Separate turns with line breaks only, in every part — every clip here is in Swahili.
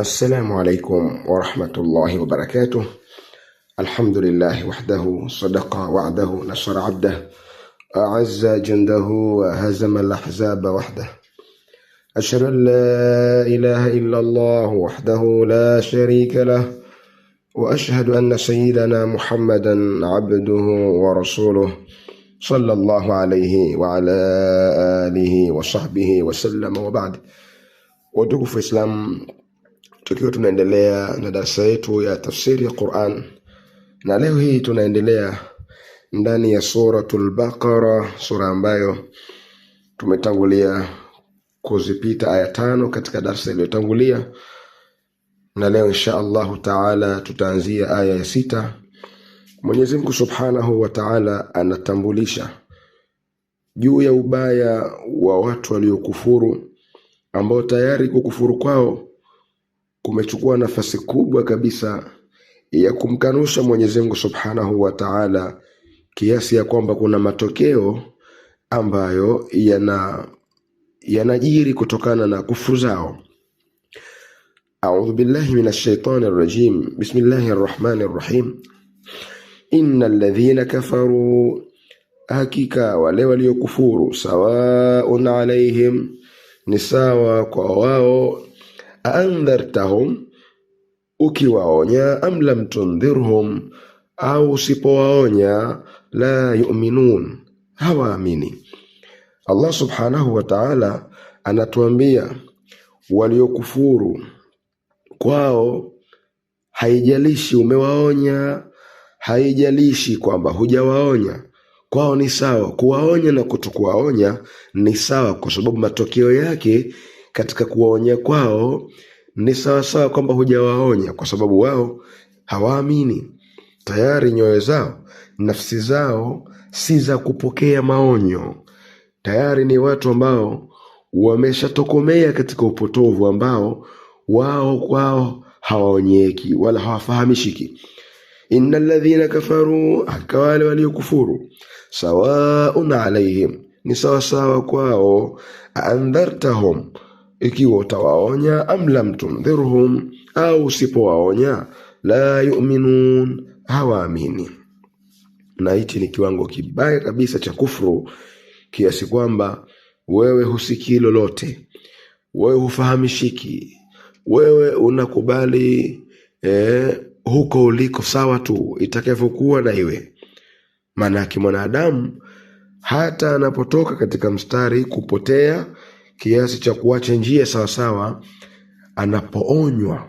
السلام عليكم ورحمة الله وبركاته الحمد لله وحده صدق وعده نصر عبده أعز جنده وهزم الأحزاب وحده أشهد أن لا إله إلا الله وحده لا شريك له وأشهد أن سيدنا محمدا عبده ورسوله صلى الله عليه وعلى آله وصحبه وسلم وبعد ودوق في الإسلام tukiwa tunaendelea na darasa yetu ya tafsiri ya Quran, na leo hii tunaendelea ndani ya suratul Baqara, sura ambayo tumetangulia kuzipita aya tano katika darsa iliyotangulia, na leo insha Allahu taala tutaanzia aya ya sita. Mwenyezi Mungu subhanahu wa taala anatambulisha juu ya ubaya wa watu waliokufuru ambao tayari kukufuru kwao kumechukua nafasi kubwa kabisa ya kumkanusha Mwenyezi Mungu Subhanahu wa Ta'ala, kiasi ya kwamba kuna matokeo ambayo yana yanajiri kutokana na kufuru zao. A'udhu billahi minash shaitani rajim. Bismillahir rahmanir rahim. Innal ladhina kafaru, hakika wale waliokufuru, sawaun alaihim, ni sawa kwa wao aandhartahum, ukiwaonya am lam tundhirhum, au usipowaonya la yuminun, hawaamini. Allah subhanahu wa taala anatuambia waliokufuru kwao haijalishi umewaonya, haijalishi kwamba hujawaonya, kwao ni sawa. Kuwaonya na kutokuwaonya ni sawa, kwa sababu matokeo yake katika kuwaonya kwao ni sawasawa kwamba hujawaonya, kwa sababu wao hawaamini tayari. Nyoyo zao, nafsi zao si za kupokea maonyo, tayari ni watu ambao wameshatokomea katika upotovu ambao wao kwao hawaonyeki wala hawafahamishiki. Inna ladhina kafaru, hakika wale waliokufuru, sawaun alaihim, ni sawasawa kwao, aandhartahum ikiwa utawaonya am lam tundhirhum, au usipowaonya la yuminun, hawaamini. Na hichi ni kiwango kibaya kabisa cha kufru kiasi kwamba wewe husikii lolote, wewe hufahamishiki, wewe unakubali eh, huko uliko sawa tu itakavyokuwa na iwe. Maanake mwanadamu hata anapotoka katika mstari kupotea kiasi cha kuacha njia sawasawa anapoonywa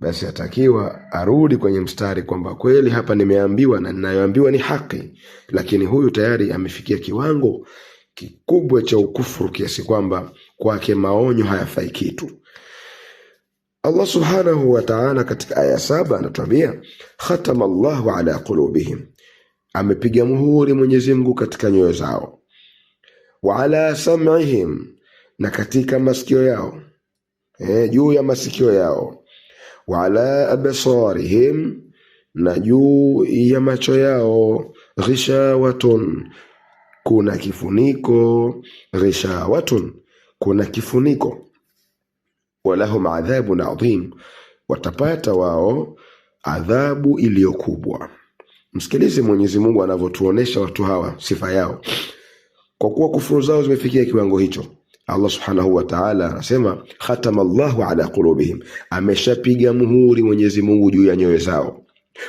basi atakiwa arudi kwenye mstari kwamba kweli hapa nimeambiwa na ninayoambiwa ni haki lakini huyu tayari amefikia kiwango kikubwa cha ukufuru kiasi kwamba kwake maonyo hayafai kitu allah subhanahu wataala katika aya saba anatuambia khatama llahu ala qulubihim amepiga muhuri mwenyezi mungu katika nyoyo zao waala samihim na katika masikio yao eh, juu ya masikio yao, wala absarihim, na juu ya macho yao, ghishawatun, kuna kifuniko, ghishawatun, kuna kifuniko, walahum adhabun adhim, watapata wao adhabu iliyokubwa. Msikilize Mwenyezi Mungu anavyotuonesha watu hawa sifa yao, kwa kuwa kufuru zao zimefikia kiwango hicho Allah subhanahu wataala anasema khatama allahu ala qulubihim, ameshapiga muhuri Mwenyezi Mungu juu ya nyoyo zao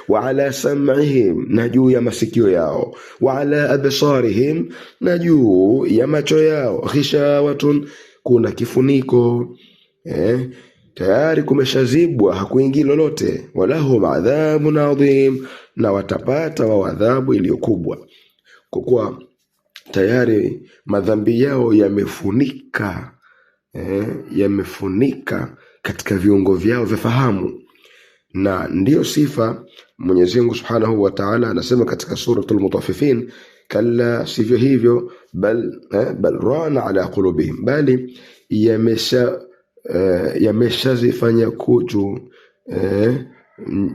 wa ala sam'ihim, na juu ya masikio yao, wa ala absarihim, na juu ya macho yao. Ghishawatun, kuna kifuniko eh, tayari kumeshazibwa, hakuingii lolote. Walahum adhabun adhim, na watapata wao adhabu iliyokubwa kwa kuwa tayari madhambi yao yamefunika eh, yamefunika katika viungo vyao vya fahamu na ndiyo sifa Mwenyezi Mungu Subhanahu wa Ta'ala anasema katika suratul Mutaffifin, kalla, sivyo hivyo, bal eh, bal rana ala qulubihim, bali yamesha eh, yameshazifanya kuchu eh,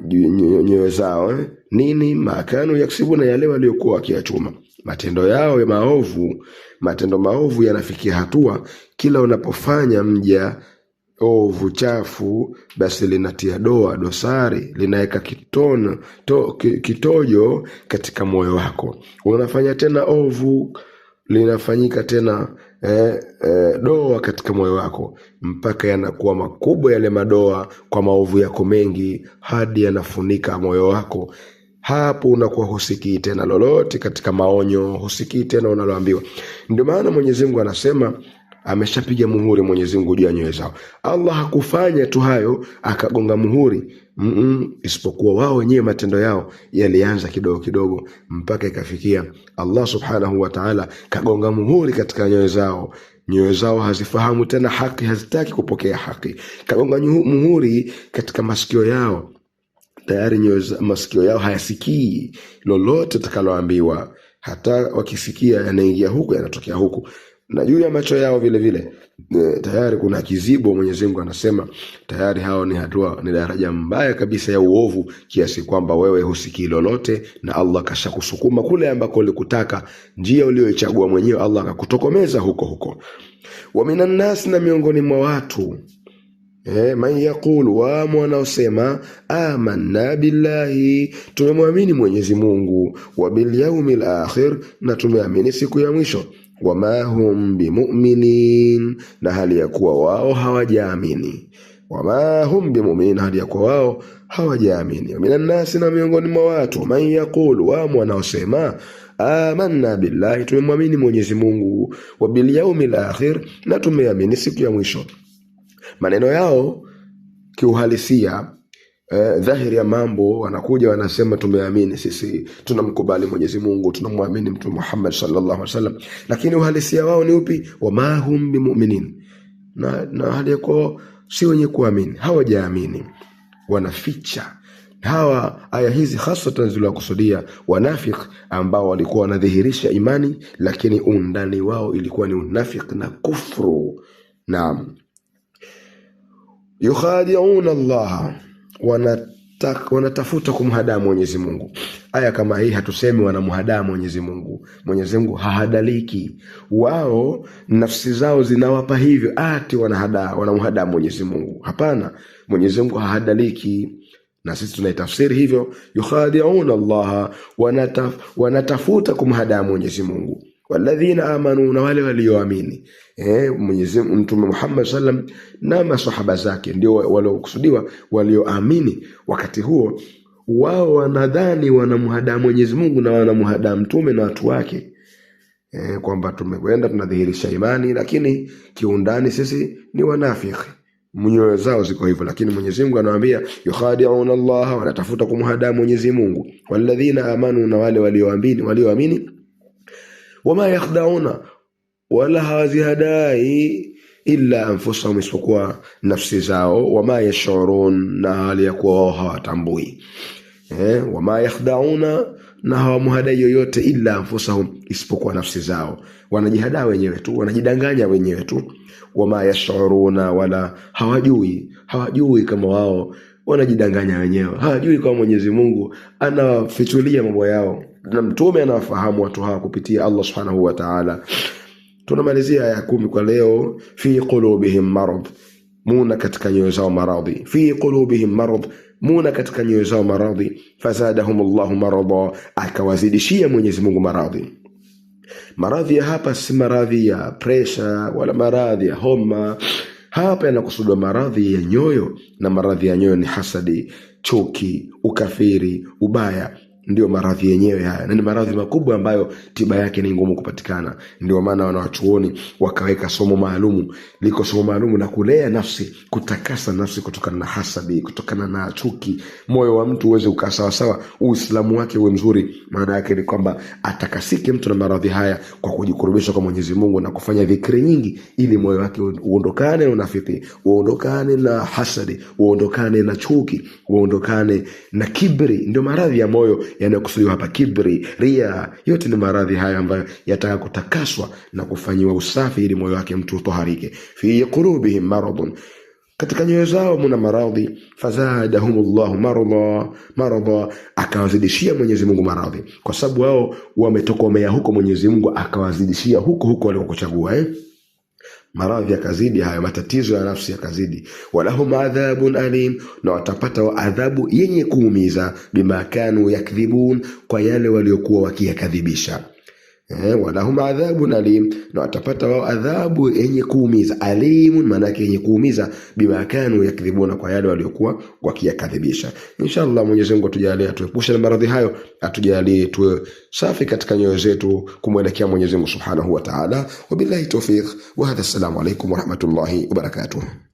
nyoyo zao eh, nini makanu yaksibuna, yale waliokuwa wakiyachuma Matendo yao ya maovu, matendo maovu yanafikia hatua kila unapofanya mja ovu chafu, basi linatia doa dosari, linaweka kitono, to, kitojo katika moyo wako, unafanya tena ovu, linafanyika tena eh, eh, doa katika moyo wako, mpaka yanakuwa makubwa yale madoa kwa maovu yako mengi, hadi yanafunika moyo wako hapo unakuwa husikii tena lolote katika maonyo husikii tena unaloambiwa ndio maana mwenyezi mungu anasema ameshapiga muhuri mwenyezi mungu juu ya nyoyo zao allah hakufanya tu hayo akagonga muhuri Mm-mm, isipokuwa wao wenyewe matendo yao yalianza kidogo kidogo mpaka ikafikia allah subhanahu wataala kagonga muhuri katika nyoyo zao nyoyo zao hazifahamu tena haki hazitaki kupokea haki kagonga muhuri katika masikio yao tayari nyoyo masikio yao hayasikii lolote takaloambiwa, hata wakisikia yanaingia huku yanatokea huku, na juu ya macho yao vile vile e, tayari kuna kizibo. Mwenyezi Mungu anasema tayari hao ni hatua, ni daraja mbaya kabisa ya uovu, kiasi kwamba wewe husikii lolote, na Allah kusukuma kule ambako ulikutaka, njia ulioichagua mwenyewe, Allah akakutokomeza huko huko. Wa na miongoni mwa watu Eh, man yaqulu, wamo wanaosema amanna billahi, tumemwamini Mwenyezi Mungu, wa yaumil akhir, na tumeamini siku ya mwisho wama hum bimuminin, na hali ya kuwa wao hawajaamini. Wama hum bimuminin, hali ya kuwa wao hawajaamini. nasi na miongoni mwa watu, man yaqulu, wamo wanaosema amanna billahi, tumemwamini Mwenyezi Mungu, wa yaumil akhir, na tumeamini siku ya mwisho maneno yao kiuhalisia eh, dhahiri ya mambo wanakuja wanasema tumeamini sisi tunamkubali mwenyezi mungu tunamwamini mtume muhammad sallallahu alaihi wasallam lakini uhalisia wao ni upi wamahum bimuminin na, na hali yakuwa si wenye kuamini hawajaamini wanaficha hawa aya hizi hasatan ziliwakusudia wanafik ambao walikuwa wanadhihirisha imani lakini undani wao ilikuwa ni unafik na kufru na yukhadi'una Allah, wanata, wanatafuta kumhadaa Mwenyezi Mungu. Aya kama hii hatusemi wanamhadaa Mwenyezi Mungu. Mwenyezi Mungu hahadaliki, wao nafsi zao zinawapa hivyo, ati wanahadaa wanamhadaa Mwenyezi Mungu. Hapana, Mwenyezi Mungu hahadaliki na sisi tunaitafsiri hivyo, yukhadi'una Allah, wanata, wanatafuta kumhadaa Mwenyezi Mungu walladhina amanu, na wale walioamini. Eh, Mwenyezi Mtume Muhammad sallam na masahaba zake ndio waliokusudiwa, walioamini wakati huo. Wao wanadhani wanamhadaa Mwenyezi Mungu na wanamhadaa mtume na watu wake eh, kwamba tumekwenda tunadhihirisha imani, lakini kiundani sisi ni wanafiki nyoyo zao ziko hivyo, lakini Mwenyezi Mungu anawaambia yukhadi'una Allah, wanatafuta kumhadaa Mwenyezi Mungu. Walladhina amanu, na wale walioamini walioamini wama yakhdauna, wala hawazihadai illa anfusahum, isipokuwa nafsi zao. Wama yashurun, na hali ya kuwa wao hawatambui eh, wama yakhdauna, na hawamhadai yoyote illa anfusahum, isipokuwa nafsi zao. Wanajihadaa wenyewe tu, wanajidanganya wenyewe tu. Wama yashuruna, wala hawajui, hawajui kama wao wanajidanganya wenyewe, hawajui kama Mwenyezi Mungu anawafichulia mambo yao na mtume anawafahamu watu hawa kupitia Allah subhanahu wa ta'ala. Tunamalizia aya kumi kwa leo. fi qulubihim marad, muna katika nyoyo zao maradhi. fi qulubihim marad, muna katika nyoyo zao maradhi. fazadahum Allahu marada, akawazidishia Mwenyezi Mungu maradhi. Maradhi ya hapa si maradhi ya presha wala maradhi ya homa hapa yanakusudiwa maradhi ya nyoyo, na maradhi ya nyoyo ni hasadi, chuki, ukafiri, ubaya, ndio maradhi yenyewe haya na ni maradhi makubwa ambayo tiba yake ni ngumu kupatikana. Ndio maana wanawachuoni wakaweka somo maalumu, liko somo maalumu na kulea nafsi, kutakasa nafsi kutokana na hasabi, kutokana na chuki. Moyo wa mtu uweze ukaa sawasawa, uislamu wake uwe mzuri. Maana yake ni kwamba atakasike mtu na maradhi haya kwa kujikurubisha kwa Mwenyezi Mungu na kufanya vikiri nyingi, ili moyo wake uondokane na unafiki, uondokane na hasadi, uondokane na chuki, uondokane na kibri. Ndio maradhi ya moyo yanayokusudiwa hapa, kibri, ria, yote ni maradhi hayo ambayo yataka kutakaswa na kufanyiwa usafi ili moyo wake mtu utoharike. Fi qulubihim maradun katika nyoyo zao muna maradhi, fazadahumullahu maradha maradha, akawazidishia Mwenyezi Mungu maradhi, kwa sababu wao wametokomea huko, Mwenyezi Mungu akawazidishia huko huko walikokuchagua eh? maradhi yakazidi hayo matatizo ya nafsi yakazidi walahum adhabun alim na watapata wa adhabu yenye kuumiza bima kanu yakdhibun kwa yale waliokuwa wakiyakadhibisha eh, walahum adhabun alim, na watapata wao adhabu yenye kuumiza. Alim maana yake yenye kuumiza, bima kanu yakdhibuna, kwa yale waliokuwa wakiyakadhibisha. Inshallah Mwenyezi Mungu atujalie, atuepushe na maradhi hayo, atujalie tuwe safi katika nyoyo zetu kumwelekea Mwenyezi Mungu subhanahu wa ta'ala. Wabillahi tawfiq wa hadha, assalamu alaykum wa rahmatullahi wa barakatuh.